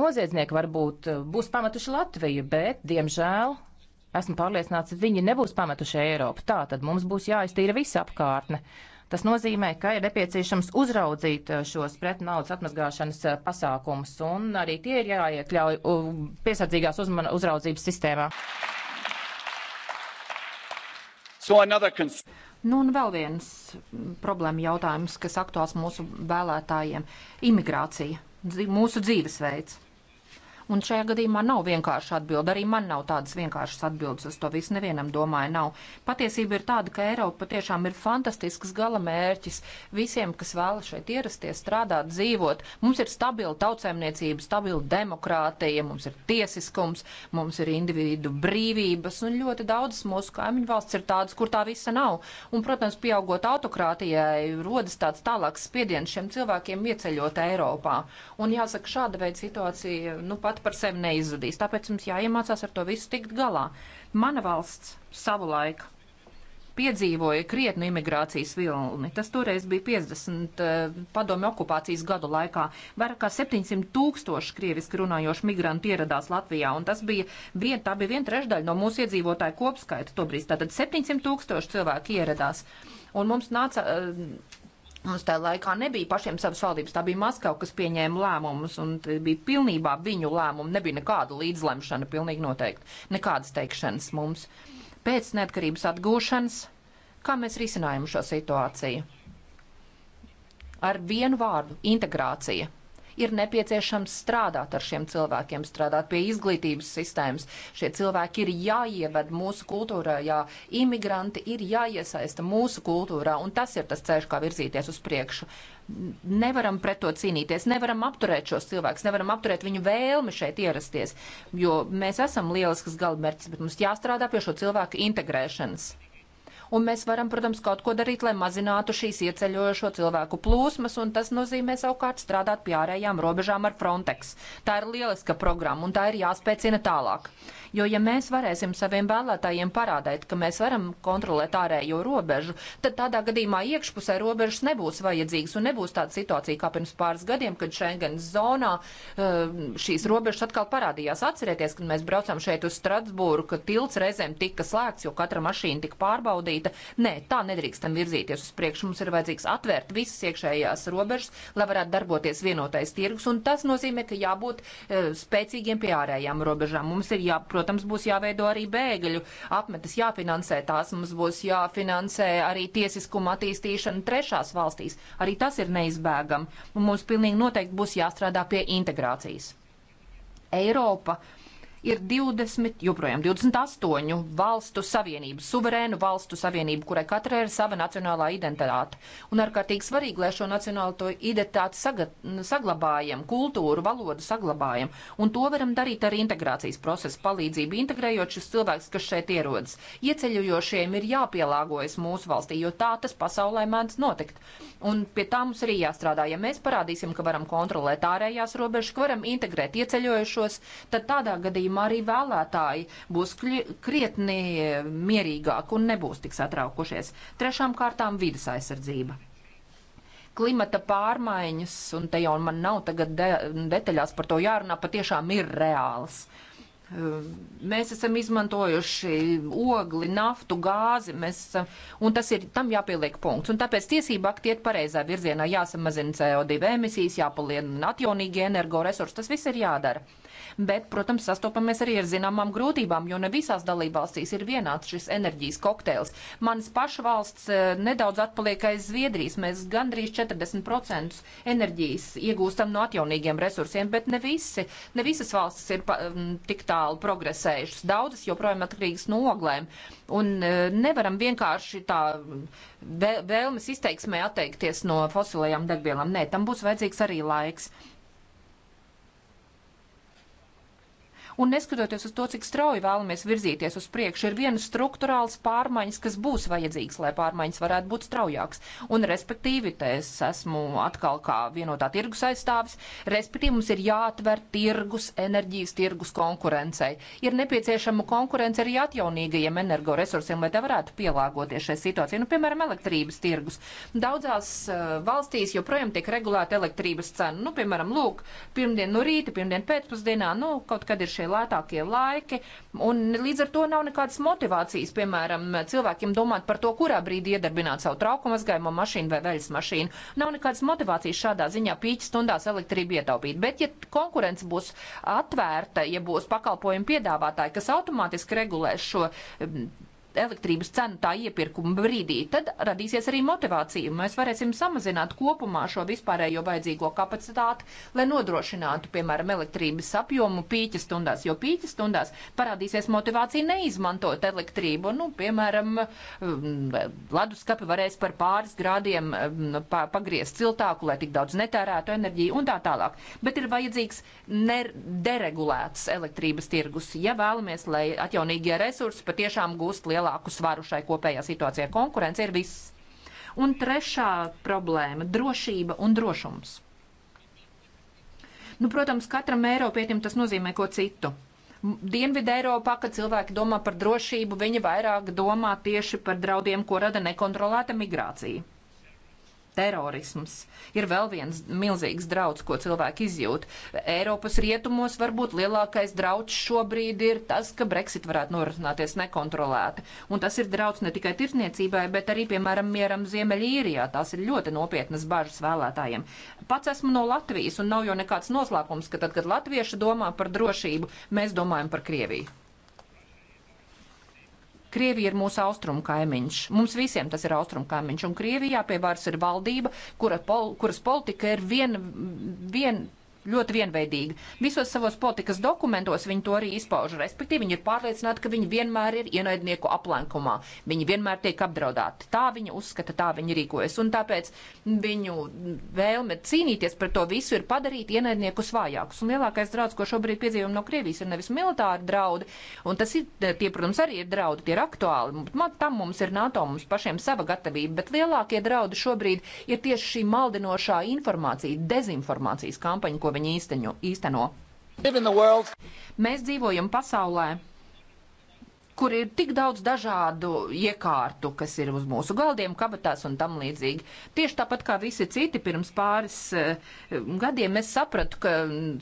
Noziedznieki varbūt būs pametuši Latviju, bet, diemžēl, esmu pārliecināts, viņi nebūs pametuši Eiropu. Tā tad mums būs jāiztīra visa apkārtne. Uh, Tas nozīmē, ka ir nepieciešams uzraudzīt eh, šos pret naudas atmazgāšanas eh, pasākumus, un arī tie ir jāiekļauj piesardzīgās uzman, uzraudzības sistēmā. So another concern. Nu, un vēl viens mm, problēma jautājums, kas aktuāls mūsu vēlētājiem - imigrācija, mūsu dzīvesveids. Un šajā gadījumā nav vienkārši atbildi. Arī man nav tādas vienkāršas atbildes uz to visu. Nevienam domāju, nav. Patiesība ir tāda, ka Eiropa patiešām ir fantastisks galamērķis visiem, kas vēlas šeit ierasties, strādāt, dzīvot. Mums ir stabila tautsēmniecība, stabila demokrātija, mums ir tiesiskums, mums ir individu brīvības un ļoti daudzas mūsu kaimiņu valsts ir tādas, kur tā visa nav. Un, protams, pieaugot autokrātijai, rodas tāds tālāks spiediens šiem cilvēkiem ieceļot Eiropā. Un jāsaka, šāda veida situācija, nu pat pati par sevi neizvadīs. Tāpēc mums jāiemācās ar to visu tikt galā. Mana valsts savulaik piedzīvoja krietnu imigrācijas vilni. Tas toreiz bija 50 uh, eh, padomju okupācijas gadu laikā. Vairāk kā 700 tūkstoši krieviski runājoši migranti ieradās Latvijā, un tas bija, vien, tā bija viena trešdaļa no mūsu iedzīvotāju kopskaita tobrīd. Tātad 700 tūkstoši cilvēki ieradās. Un mums nāca uh, Mums tajā laikā nebija pašiem savas valdības. Tā bija Maskava, kas pieņēma lēmumus, un bija pilnībā viņu lēmumi. Nebija nekāda līdzlemšana, pilnīgi noteikti. Nekādas teikšanas mums. Pēc neatkarības atgūšanas, kā mēs risinājām šo situāciju? Ar vienu vārdu - integrācija ir nepieciešams strādāt ar šiem cilvēkiem, strādāt pie izglītības sistēmas. Šie cilvēki ir jāieved mūsu kultūrā, jā, imigranti ir jāiesaista mūsu kultūrā, un tas ir tas ceļš, kā virzīties uz priekšu. Nevaram pret to cīnīties, nevaram apturēt šos cilvēkus, nevaram apturēt viņu vēlmi šeit ierasties, jo mēs esam lielisks galvmērķis, bet mums jāstrādā pie šo cilvēku integrēšanas un mēs varam, protams, kaut ko darīt, lai mazinātu šīs ieceļojošo cilvēku plūsmas, un tas nozīmē savukārt strādāt pie ārējām robežām ar Frontex. Tā ir lieliska programma, un tā ir jāspēcina tālāk. Jo, ja mēs varēsim saviem vēlētājiem parādīt, ka mēs varam kontrolēt ārējo robežu, tad tādā gadījumā iekšpusē robežas nebūs vajadzīgas un nebūs tāda situācija kā pirms pāris gadiem, kad Schengen zonā eh, šīs robežas atkal parādījās. Atcerieties, kad mēs braucām šeit uz Strasbūru, ka tilts reizēm tika slēgts, jo katra mašīna tika pārbaudīta sarežģīta. Nē, tā nedrīkstam virzīties uz priekšu. Mums ir vajadzīgs atvērt visas iekšējās robežas, lai varētu darboties vienotais tirgus, un tas nozīmē, ka jābūt e, spēcīgiem pie ārējām robežām. Mums ir, jā, protams, būs jāveido arī bēgļu apmetas, jāfinansē tās, mums būs jāfinansē arī tiesiskuma attīstīšana trešās valstīs. Arī tas ir neizbēgami, un mums pilnīgi noteikti būs jāstrādā pie integrācijas. Eiropa ir 20, joprojām 28 valstu savienību, suverēnu valstu savienību, kurai katrai ir sava nacionālā identitāte. Un ārkārtīgi svarīgi, lai šo nacionālo identitāti sagat, saglabājam, kultūru, valodu saglabājam. Un to varam darīt ar integrācijas procesu palīdzību, integrējot šis cilvēks, kas šeit ierodas. Ieceļojošiem ir jāpielāgojas mūsu valstī, jo tā tas pasaulē mēdz notikt. Un pie tā mums arī jāstrādā. Ja mēs parādīsim, ka varam kontrolēt ārējās robežas, ka varam integrēt ieceļojušos, tad tādā gadījumā gadījumā arī vēlētāji būs krietni mierīgāki un nebūs tik satraukušies. Trešām kārtām vidas aizsardzība klimata pārmaiņas, un te jau man nav tagad de detaļās par to jārunā, patiešām ir reāls. Ehm, mēs esam izmantojuši ogli, naftu, gāzi, mēs esam, un tas ir, tam jāpieliek punkts. Un tāpēc tiesība akti iet pareizā virzienā, jāsamazina CO2 emisijas, jāpalielina atjaunīgi energoresursi, tas viss ir jādara bet, protams, sastopamies arī ar zināmām grūtībām, jo ne visās dalībvalstīs ir vienāds šis enerģijas kokteils. Manas paša valsts eh, nedaudz atpaliek aiz Zviedrijas. Mēs gandrīz 40% enerģijas iegūstam no atjaunīgiem resursiem, bet ne, visi, ne visas valstis ir pa, m, mm, tik tālu progresējušas. Daudzas joprojām atkarīgas no oglēm. Un eh, nevaram vienkārši tā mm, vēlmes izteiksmē atteikties no fosilajām degvielām. Nē, tam būs vajadzīgs arī laiks. Un neskatoties uz to, cik strauji vēlamies virzīties uz priekšu, ir vienas struktūrāls pārmaiņas, kas būs vajadzīgas, lai pārmaiņas varētu būt straujākas. Un, respektīvi, te es esmu atkal kā vienotā tirgus aizstāvis, respektīvi mums ir jāatver tirgus enerģijas tirgus konkurencei. Ir nepieciešama konkurence arī atjaunīgajiem energoresursiem, lai te varētu pielāgoties šai situācijai. Nu, piemēram, elektrības tirgus. Daudzās uh, valstīs joprojām tiek regulēta elektrības cena. Nu, piemēram, lūk, pirmdien no rīta, pirmdien pēcpusdienā, nu, kaut kad ir šie lētākie laiki, un līdz ar to nav nekādas motivācijas, piemēram, cilvēkiem domāt par to, kurā brīdī iedarbināt savu trauku mazgājumu mašīnu vai veļas mašīnu. Nav nekādas motivācijas šādā ziņā pīķi stundās elektrību ietaupīt, bet ja konkurence būs atvērta, ja būs pakalpojumu piedāvātāji, kas automātiski regulēs šo elektrības cenu tā iepirkuma brīdī, tad radīsies arī motivācija. Mēs varēsim samazināt kopumā šo vispārējo vajadzīgo kapacitāti, lai nodrošinātu, piemēram, elektrības apjomu pīķa stundās, jo pīķa stundās parādīsies motivācija neizmantot elektrību. Nu, piemēram, mm, leduskapi varēs par pāris grādiem mm, pagriezt ciltāku, lai tik daudz netērētu enerģiju un tā tālāk. Bet ir vajadzīgs deregulēts elektrības tirgus, ja vēlamies, lai atjaunīgie resursi patiešām gūst lielu lielāku svaru šai kopējā situācijā. Konkurence ir viss. Un trešā problēma - drošība un drošums. Nu, protams, katram Eiropietim tas nozīmē ko citu. Dienvidē Eiropā, kad cilvēki domā par drošību, viņi vairāk domā tieši par draudiem, ko rada nekontrolēta migrācija terorisms ir vēl viens milzīgs drauds, ko cilvēki izjūt. Eiropas rietumos varbūt lielākais drauds šobrīd ir tas, ka Brexit varētu norisināties nekontrolēti. Un tas ir drauds ne tikai tirsniecībai, bet arī, piemēram, mieram Ziemeļīrijā. Tās ir ļoti nopietnas bažas vēlētājiem. Pats esmu no Latvijas un nav jau nekāds noslēpums, ka tad, kad latvieši domā par drošību, mēs domājam par Krieviju. Krievija ir mūsu austrumu kaimiņš. Mums visiem tas ir austrumu kaimiņš. Un Krievijā pie varas ir valdība, kura pol, kuras politika ir vien, vien ļoti vienveidīga. Visos savos politikas dokumentos viņi to arī izpauž. Respektīvi, viņi ir pārliecināti, ka viņi vienmēr ir ienaidnieku aplenkumā. Viņi vienmēr tiek apdraudēti. Tā viņi uzskata, tā viņi rīkojas. Un tāpēc viņu vēlme cīnīties par to visu ir padarīt ienaidniekus vājākus. Un lielākais draudz, ko šobrīd piedzīvojam no Krievijas, ir nevis militāri draudi, un tas ir, tie, protams, arī ir draudi, tie ir aktuāli. Tam mums ir NATO, mums pašiem sava gatavība, bet lielākie draudi šobrīd ir tieši šī maldinošā informācija, dezinformācijas kampaņa, ko ko viņi īsteņo, īsteno. Mēs dzīvojam pasaulē, kur ir tik daudz dažādu iekārtu, kas ir uz mūsu galdiem, kabatās un tam līdzīgi. Tieši tāpat kā visi citi pirms pāris eh, gadiem es sapratu, ka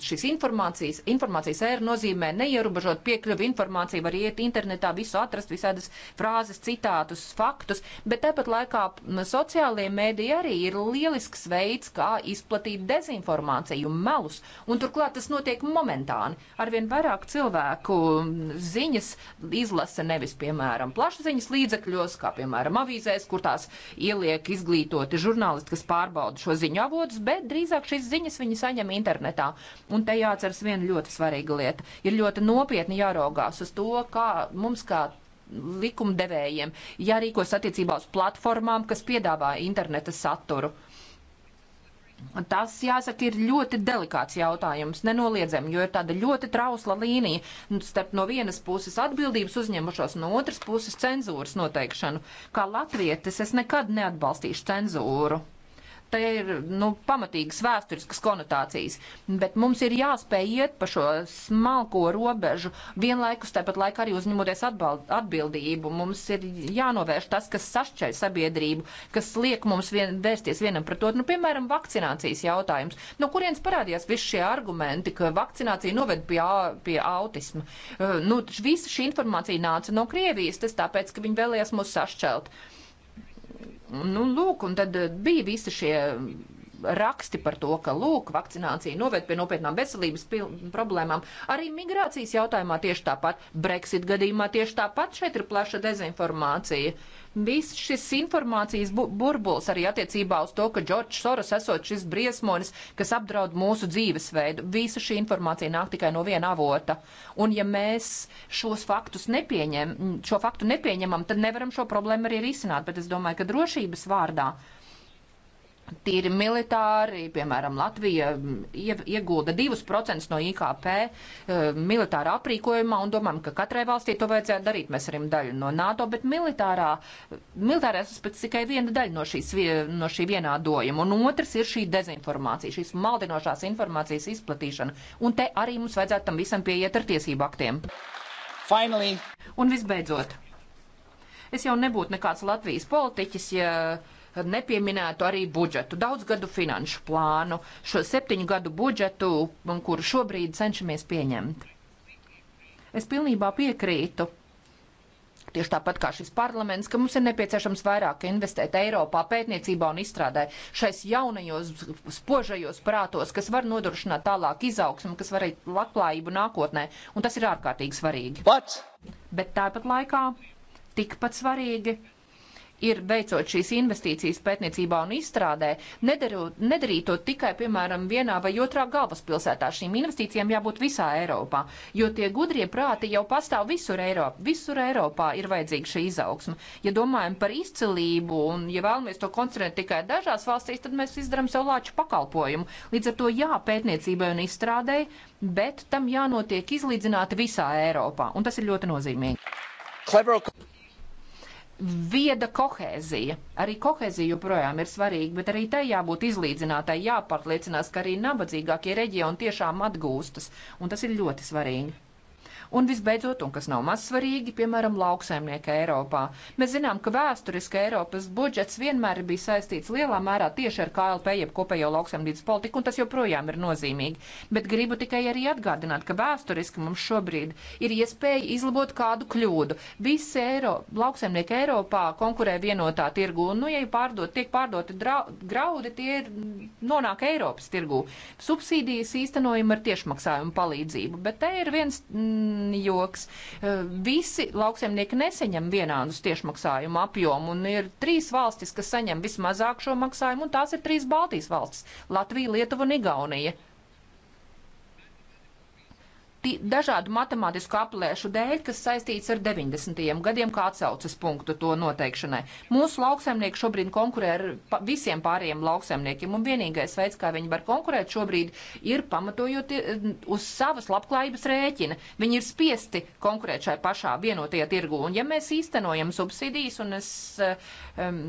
šis informācijas, informācijas ēra nozīmē neierobežot piekļuvi informāciju, var iet internetā, visu atrast, visādas frāzes, citātus, faktus, bet tāpat laikā sociālie mēdī arī ir lielisks veids, kā izplatīt dezinformāciju, melus, un turklāt tas notiek momentāni. Arvien vairāk cilvēku ziņas izlasa lasa nevis, piemēram, plašsaziņas līdzekļos, kā piemēram avīzēs, kur tās ieliek izglītoti žurnālisti, kas pārbauda šo ziņu avotus, bet drīzāk šīs ziņas viņi saņem internetā. Un te jāatceras viena ļoti svarīga lieta. Ir ļoti nopietni jāraugās uz to, kā mums kā likumdevējiem jārīkos attiecībā uz platformām, kas piedāvā interneta saturu. Un tas, jāsaka, ir ļoti delikāts jautājums, nenoliedzami, jo ir tāda ļoti trausla līnija nu, starp no vienas puses atbildības uzņemušos, no otras puses cenzūras noteikšanu. Kā latvietis es nekad neatbalstīšu cenzūru te ir nu, pamatīgas vēsturiskas konotācijas. Bet mums ir jāspēj iet pa šo smalko robežu, vienlaikus tāpat laikā arī uzņemoties atbildību. Mums ir jānovērš tas, kas sašķēļ sabiedrību, kas liek mums vien, vērsties vienam pret otru. Nu, piemēram, vakcinācijas jautājums. No kurienes parādījās visi šie argumenti, ka vakcinācija noved pie, pie autisma? Uh, nu, visa šī informācija nāca no Krievijas, tas tāpēc, ka viņi vēlējās mūs sašķelt. Uh, Nu, lūk, un tad eh, bija visi šie raksti par to, ka, lūk, vakcinācija noved pie nopietnām veselības problēmām. Arī migrācijas jautājumā tieši tāpat, Brexit gadījumā tieši tāpat šeit ir plaša dezinformācija. Viss šis informācijas bu burbulis arī attiecībā uz to, ka Džordžs Soros esot šis briesmonis, kas apdraud mūsu dzīvesveidu. Visa šī informācija nāk tikai no viena avota. Un ja mēs šos faktus nepieņem, šo faktu nepieņemam, tad nevaram šo problēmu arī risināt. Bet es domāju, ka drošības vārdā tīri militāri, piemēram, Latvija mm, iegulda 2% no IKP eh, militāra aprīkojumā un domājam, ka katrai valstī to vajadzētu darīt. Mēs arī daļu no NATO, bet militārā, militārās aspekts tikai viena daļa no, šīs, no šī vienādojuma. Un otrs ir šī dezinformācija, šīs maldinošās informācijas izplatīšana. Un te arī mums vajadzētu tam visam pieiet ar tiesību aktiem. Finally. Un visbeidzot, es jau nebūtu nekāds Latvijas politiķis, ja nepieminētu arī budžetu, daudz gadu finanšu plānu, šo septiņu gadu budžetu, kuru šobrīd cenšamies pieņemt. Es pilnībā piekrītu. Tieši tāpat kā šis parlaments, ka mums ir nepieciešams vairāk investēt Eiropā pētniecībā un izstrādē šais jaunajos spožajos prātos, kas var nodrošināt tālāk izaugsmu, kas var labklājību nākotnē, un tas ir ārkārtīgi svarīgi. But... Bet tāpat laikā tikpat svarīgi ir veicot šīs investīcijas pētniecībā un izstrādē, nedarot, nedarītot tikai, piemēram, vienā vai otrā galvaspilsētā. Šīm investīcijām jābūt visā Eiropā, jo tie gudrie prāti jau pastāv visur Eiropā. Visur Eiropā ir vajadzīga šī izaugsme. Ja domājam par izcilību un ja vēlamies to koncentrēt tikai dažās valstīs, tad mēs izdarām sev lāču pakalpojumu. Līdz ar to jā, pētniecībai un izstrādēji, bet tam jānotiek izlīdzināti visā Eiropā, un tas ir ļoti nozīmīgi. Clever vieda kohēzija. Arī kohēzija joprojām ir svarīga, bet arī tai jābūt izlīdzinātai, jāpārliecinās, ka arī nabadzīgākie reģioni tiešām atgūstas, un tas ir ļoti svarīgi. Un visbeidzot, un kas nav maz svarīgi, piemēram, lauksaimnieka Eiropā. Mēs zinām, ka vēsturiski Eiropas budžets vienmēr ir bijis saistīts lielā mērā tieši ar KLP, jeb kopējo lauksaimniecības politiku, un tas joprojām ir nozīmīgi. Bet gribu tikai arī atgādināt, ka vēsturiski mums šobrīd ir iespēja izlabot kādu kļūdu. Visi Eiro, lauksaimnieki Eiropā konkurē vienotā tirgu, un, nu, ja pārdot, tiek pārdoti drau, graudi, tie ir, nonāk Eiropas tirgu. Subsīdijas īstenojumi ar tiešmaksājumu palīdzību, bet te ir viens. Mm, joks. Eh, visi lauksaimnieki neseņem vienādus tiešmaksājumu apjomu, un ir trīs valstis, kas saņem vismazāk šo maksājumu, un tās ir trīs Baltijas valstis - Latvija, Lietuva un Igaunija dažādu matemātisku aplēšu dēļ, kas saistīts ar 90. gadiem kā atsaucas punktu to noteikšanai. Mūsu lauksaimnieki šobrīd konkurē ar visiem pārējiem lauksaimniekiem, un vienīgais veids, kā viņi var konkurēt šobrīd, ir pamatojot uz savas labklājības rēķina. Viņi ir spiesti konkurēt šai pašā vienotajā tirgu, un ja mēs īstenojam subsīdijas, un es um,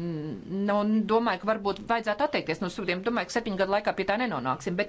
nu, domāju, ka varbūt vajadzētu atteikties no subsīdijiem, domāju, ka septiņu gadu laikā pie tā nenonāksim, bet